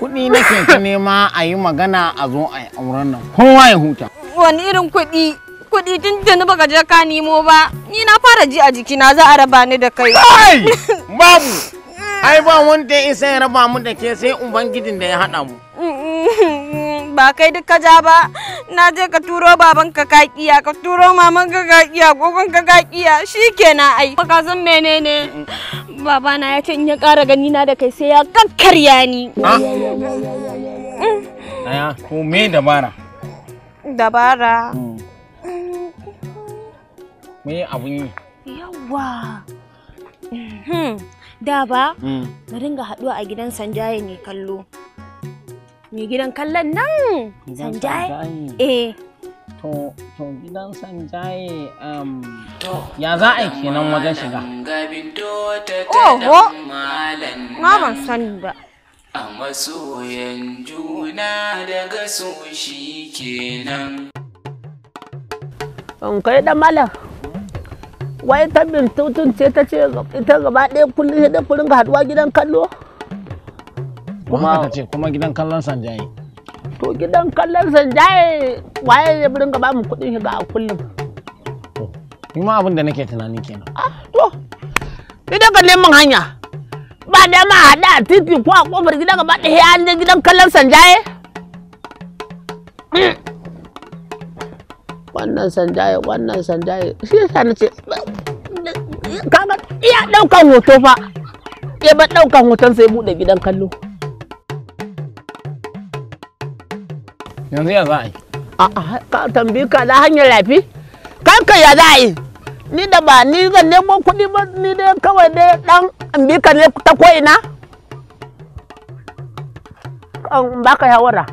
Kuɗi nake ta nema a magana a zo a auren nan. Kowa ya huta. Wani irin kuɗi? Kuɗi tun ni baka je ka nemo ba. Ni na fara ji a jikina za a raba ni da kai. Babu! Ai ba wanda ya isa ya raba mu da ke sai Ubangijin da ya haɗa mu. Ba kai duk ka ja ba. na je ka turo baban ka kakiya ka turo maman ka kakiya gogon ka kakiya shikenan ai baka san menene babana ya ce in ya ƙara gani na da kai sai ya kakkarya ni. Ah. Mm. Aya, ko me dabara? Dabara. Mm. Me abun yi? Yawwa. Mm-hmm. Da ba, mu mm. ringa haɗuwa a gidan Sanjaye ne kallo. Me gidan kallon nan? Sanjaye? Eh. to to gidan sanja um, ya za a yi kenan wajen shiga oho ma ban sani ba a masoyan juna daga so shi kenan An kai da malam wai ta tutun ce ta ce ita gaba ɗaya kullum da kullum ga haɗuwa gidan kallo kuma gidan kallon sanjaye. to gidan kallon sanjaye waye ya ringa ba mu kuɗin shiga a kullum ni ma abin da nake tunani kenan ah, to idan ka neman hanya ba da ma hada a titi ko a ƙofar gidan gaba ɗaya ya an gidan kallon sanjaye hmm. wannan sanjaye wannan sanjaye shi yasa nace ce kaga iya ɗaukan hoto fa ya ba ɗaukan hoton sai buɗe gidan kallo yanzu ya za a yi a'a ka tambi ka da hanyar rafi kanka ya za a yi ni da ba ni zan nemo kuɗi ba ni dai kawai dai dan bi ka ne ta ko'ina ba ka shawara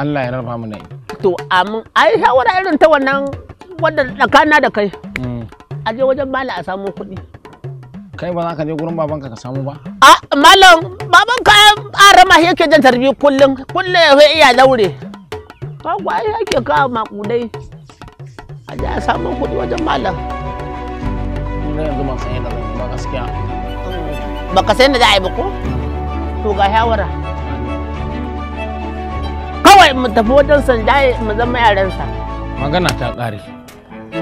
Allah ya raba mu na to amin ai shawara irin ta wannan wadda tsakana da kai mm. a je wajen mala a samu kuɗi kai ba za ka je gurin babanka ka samu ba a malam babanka an rama yake jan tarbi kullum kullum ya iya laure kawo ake kawo makudai a ji a samu kuɗi wajen malam na yanzu ban san yadda ba gaskiya baka san da za a yi ba ko to ga shawara kawai mu tafi wajen sanda mu zama yaransa magana ta ƙare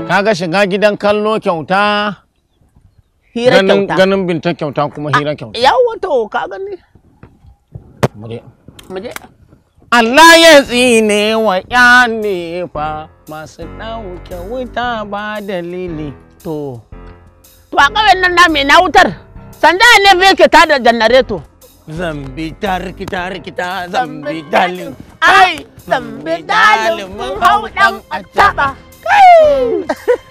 kaga shiga gidan kallo kyauta hira kyauta ganin bintan kyauta kuma hira kyauta yawon to ka gani mu je mu je Allah ya tsine wa fa masu ɗauke wuta ba dalili to. To a ƙawai nan na mai na wutar, sanda ne bai ta da janareto. Zambi ta rikita zambi dalin. Ai, zambi dalin mun hau ɗan a Kai!